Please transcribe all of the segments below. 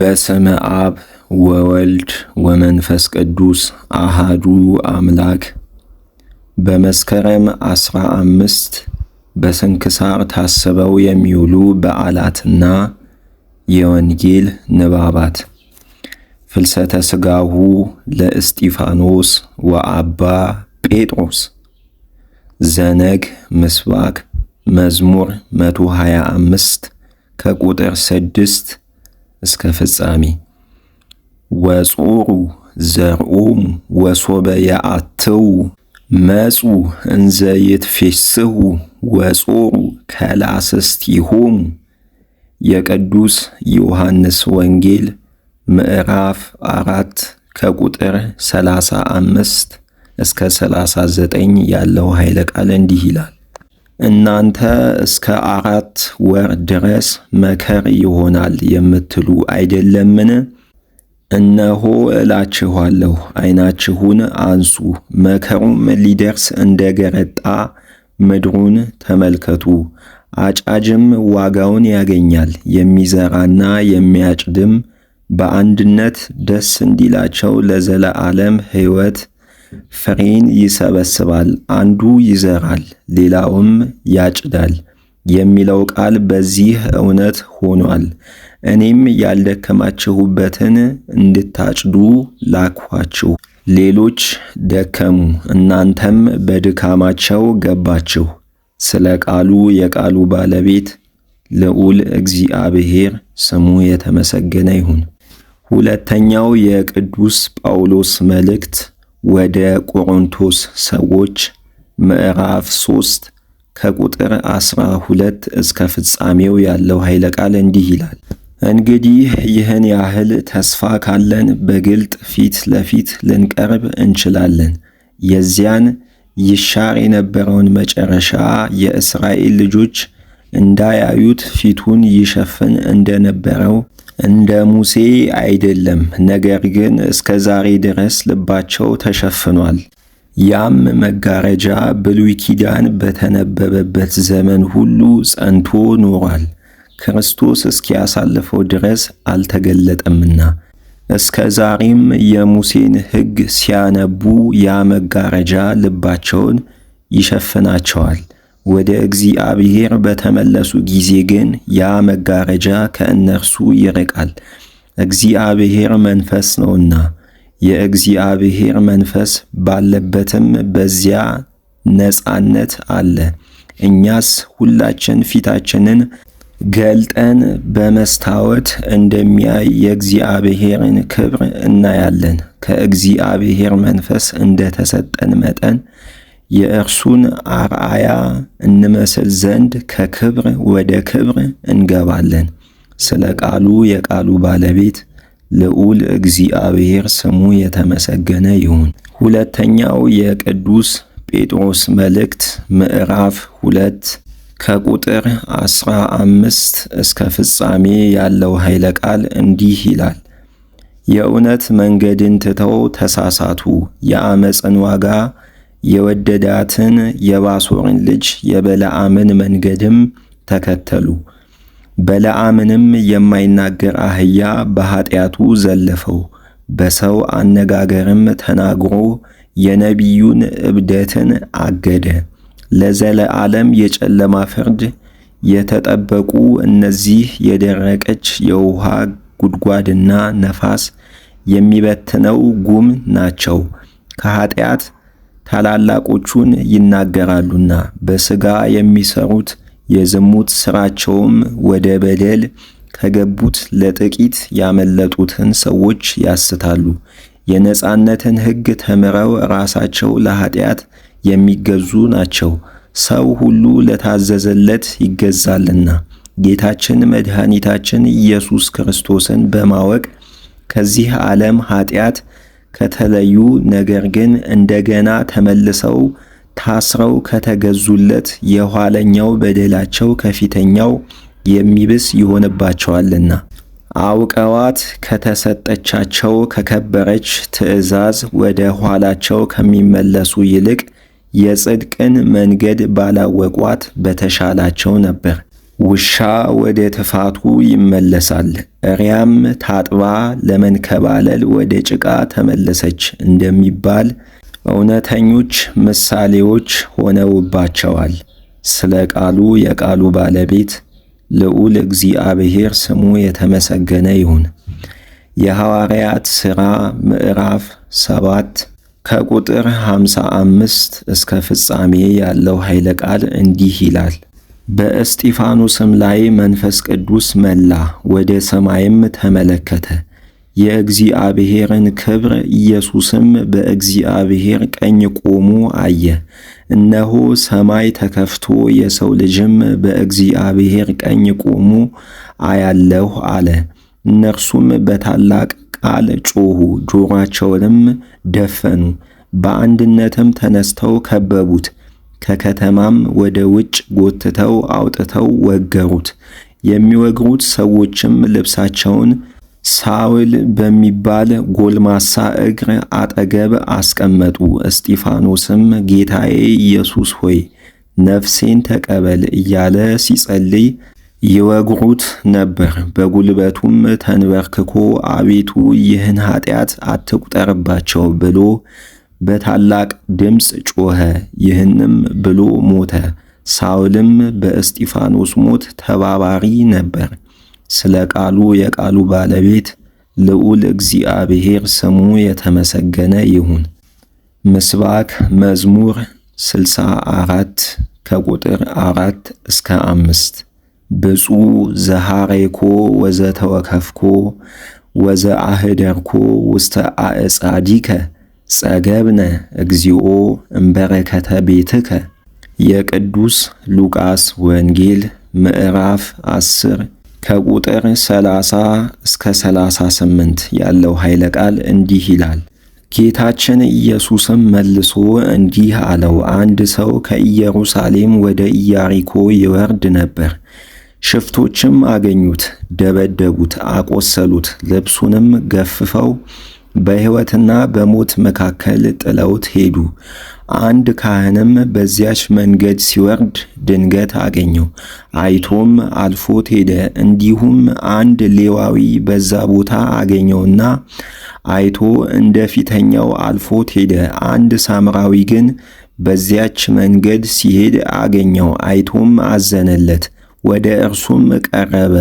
በስመ አብ ወወልድ ወመንፈስ ቅዱስ አሃዱ አምላክ። በመስከረም አስራ አምስት በስንክሳር ታስበው የሚውሉ በዓላትና የወንጌል ንባባት ፍልሰተ ሥጋሁ ለእስጢፋኖስ ወአባ ጴጥሮስ ዘነግ ምስባክ መዝሙር 125 ከቁጥር 6 እስከ ፍጻሜ ወጾሩ ዘርኦሙ ወሶበ ያአትዉ መጹ እንዘ ይትፌስሑ ወጾሩ ከላስስቲሆሙ የቅዱስ ዮሐንስ ወንጌል ምዕራፍ አራት ከቁጥር 35 እስከ 39 ያለው ኃይለ ቃል እንዲህ ይላል። እናንተ እስከ አራት ወር ድረስ መከር ይሆናል የምትሉ አይደለምን? እነሆ እላችኋለሁ፣ ዓይናችሁን አንሱ፣ መከሩም ሊደርስ እንደ ገረጣ ምድሩን ተመልከቱ። አጫጅም ዋጋውን ያገኛል፣ የሚዘራና የሚያጭድም በአንድነት ደስ እንዲላቸው ለዘለዓለም ሕይወት ፍሬን ይሰበስባል፣ አንዱ ይዘራል፣ ሌላውም ያጭዳል የሚለው ቃል በዚህ እውነት ሆኗል። እኔም ያልደከማችሁበትን እንድታጭዱ ላክኋችሁ። ሌሎች ደከሙ፣ እናንተም በድካማቸው ገባችሁ። ስለ ቃሉ የቃሉ ባለቤት ልዑል እግዚአብሔር ስሙ የተመሰገነ ይሁን። ሁለተኛው የቅዱስ ጳውሎስ መልእክት ወደ ቆሮንቶስ ሰዎች ምዕራፍ 3 ከቁጥር 12 እስከ ፍጻሜው ያለው ኃይለ ቃል እንዲህ ይላል። እንግዲህ ይህን ያህል ተስፋ ካለን በግልጥ ፊት ለፊት ልንቀርብ እንችላለን። የዚያን ይሻር የነበረውን መጨረሻ የእስራኤል ልጆች እንዳያዩት ፊቱን ይሸፍን እንደነበረው እንደ ሙሴ አይደለም፣ ነገር ግን እስከ ዛሬ ድረስ ልባቸው ተሸፍኗል። ያም መጋረጃ ብሉይ ኪዳን በተነበበበት ዘመን ሁሉ ጸንቶ ኖሯል፣ ክርስቶስ እስኪያሳልፈው ድረስ አልተገለጠምና። እስከ ዛሬም የሙሴን ሕግ ሲያነቡ ያ መጋረጃ ልባቸውን ይሸፍናቸዋል። ወደ እግዚአብሔር በተመለሱ ጊዜ ግን ያ መጋረጃ ከእነርሱ ይርቃል፣ እግዚአብሔር መንፈስ ነውና። የእግዚአብሔር መንፈስ ባለበትም በዚያ ነጻነት አለ። እኛስ ሁላችን ፊታችንን ገልጠን በመስታወት እንደሚያይ የእግዚአብሔርን ክብር እናያለን፣ ከእግዚአብሔር መንፈስ እንደተሰጠን መጠን የእርሱን አርአያ እንመስል ዘንድ ከክብር ወደ ክብር እንገባለን። ስለ ቃሉ የቃሉ ባለቤት ልዑል እግዚአብሔር ስሙ የተመሰገነ ይሁን። ሁለተኛው የቅዱስ ጴጥሮስ መልእክት ምዕራፍ ሁለት ከቁጥር አስራ አምስት እስከ ፍጻሜ ያለው ኃይለ ቃል እንዲህ ይላል። የእውነት መንገድን ትተው ተሳሳቱ፣ የአመፅን ዋጋ የወደዳትን የባሶርን ልጅ የበለዓምን መንገድም ተከተሉ። በለዓምንም የማይናገር አህያ በኃጢአቱ ዘለፈው። በሰው አነጋገርም ተናግሮ የነቢዩን እብደትን አገደ። ለዘለዓለም የጨለማ ፍርድ የተጠበቁ እነዚህ የደረቀች የውሃ ጉድጓድና ነፋስ የሚበትነው ጉም ናቸው። ከኃጢአት ታላላቆቹን ይናገራሉና በስጋ የሚሰሩት የዝሙት ስራቸውም ወደ በደል ከገቡት ለጥቂት ያመለጡትን ሰዎች ያስታሉ። የነጻነትን ሕግ ተምረው ራሳቸው ለኀጢአት የሚገዙ ናቸው። ሰው ሁሉ ለታዘዘለት ይገዛልና ጌታችን መድኃኒታችን ኢየሱስ ክርስቶስን በማወቅ ከዚህ ዓለም ኀጢአት ከተለዩ ነገር ግን እንደገና ተመልሰው ታስረው ከተገዙለት የኋለኛው በደላቸው ከፊተኛው የሚብስ ይሆንባቸዋልና አውቀዋት ከተሰጠቻቸው ከከበረች ትእዛዝ ወደ ኋላቸው ከሚመለሱ ይልቅ የጽድቅን መንገድ ባላወቋት በተሻላቸው ነበር። ውሻ ወደ ትፋቱ ይመለሳል። እሪያም ታጥባ ለመንከባለል ወደ ጭቃ ተመለሰች እንደሚባል እውነተኞች ምሳሌዎች ሆነውባቸዋል። ስለ ቃሉ የቃሉ ባለቤት ልዑል እግዚአብሔር ስሙ የተመሰገነ ይሁን። የሐዋርያት ሥራ ምዕራፍ ሰባት ከቁጥር 55 እስከ ፍጻሜ ያለው ኃይለ ቃል እንዲህ ይላል። በእስጢፋኖስም ላይ መንፈስ ቅዱስ መላ፣ ወደ ሰማይም ተመለከተ፣ የእግዚአብሔርን ክብር። ኢየሱስም በእግዚአብሔር ቀኝ ቆሞ አየ። እነሆ ሰማይ ተከፍቶ የሰው ልጅም በእግዚአብሔር ቀኝ ቆሞ አያለሁ አለ። እነርሱም በታላቅ ቃል ጮኹ፣ ጆሮአቸውንም ደፈኑ፣ በአንድነትም ተነስተው ከበቡት። ከከተማም ወደ ውጭ ጎትተው አውጥተው ወገሩት። የሚወግሩት ሰዎችም ልብሳቸውን ሳውል በሚባል ጎልማሳ እግር አጠገብ አስቀመጡ። እስጢፋኖስም ጌታዬ ኢየሱስ ሆይ ነፍሴን ተቀበል እያለ ሲጸልይ ይወግሩት ነበር። በጉልበቱም ተንበርክኮ አቤቱ ይህን ኃጢአት አትቁጠርባቸው ብሎ በታላቅ ድምፅ ጮኸ፣ ይህንም ብሎ ሞተ። ሳውልም በእስጢፋኖስ ሞት ተባባሪ ነበር። ስለ ቃሉ የቃሉ ባለቤት ልዑል እግዚአብሔር ስሙ የተመሰገነ ይሁን። ምስባክ መዝሙር 64 ከቁጥር 4 እስከ 5 ብፁዕ ዘሐሬኮ ወዘተወከፍኮ ወዘአህደርኮ ውስተ አዕጻዲከ ጸገብነ እግዚኦ እምበረከተ ቤትከ የቅዱስ ሉቃስ ወንጌል ምዕራፍ 10 ከቁጥር 30 እስከ 38 ያለው ኃይለ ቃል እንዲህ ይላል። ጌታችን ኢየሱስም መልሶ እንዲህ አለው፣ አንድ ሰው ከኢየሩሳሌም ወደ ኢያሪኮ ይወርድ ነበር። ሽፍቶችም አገኙት፣ ደበደቡት፣ አቆሰሉት፣ ልብሱንም ገፍፈው በሕይወትና በሞት መካከል ጥለውት ሄዱ። አንድ ካህንም በዚያች መንገድ ሲወርድ ድንገት አገኘው፣ አይቶም አልፎት ሄደ። እንዲሁም አንድ ሌዋዊ በዛ ቦታ አገኘውና አይቶ እንደ ፊተኛው አልፎት ሄደ። አንድ ሳምራዊ ግን በዚያች መንገድ ሲሄድ አገኘው፣ አይቶም አዘነለት፣ ወደ እርሱም ቀረበ።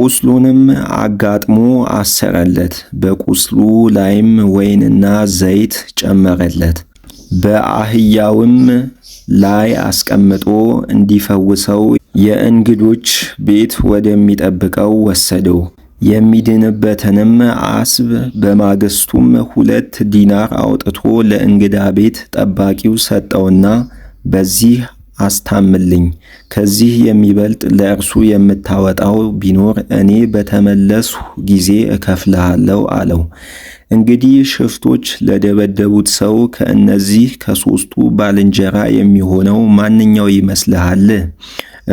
ቁስሉንም አጋጥሞ አሰረለት፣ በቁስሉ ላይም ወይንና ዘይት ጨመረለት። በአህያውም ላይ አስቀምጦ እንዲፈውሰው የእንግዶች ቤት ወደሚጠብቀው ወሰደው። የሚድንበትንም አስብ። በማግስቱም ሁለት ዲናር አውጥቶ ለእንግዳ ቤት ጠባቂው ሰጠውና በዚህ አስታምልኝ። ከዚህ የሚበልጥ ለእርሱ የምታወጣው ቢኖር እኔ በተመለስሁ ጊዜ እከፍልሃለሁ አለው። እንግዲህ ሽፍቶች ለደበደቡት ሰው ከእነዚህ ከሦስቱ ባልንጀራ የሚሆነው ማንኛው ይመስልሃል?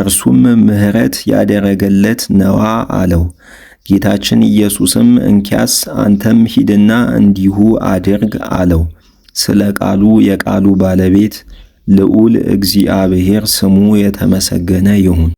እርሱም ምሕረት ያደረገለት ነዋ አለው። ጌታችን ኢየሱስም እንኪያስ አንተም ሂድና እንዲሁ አድርግ አለው። ስለ ቃሉ የቃሉ ባለቤት ልዑል እግዚአብሔር ስሙ የተመሰገነ ይሁን።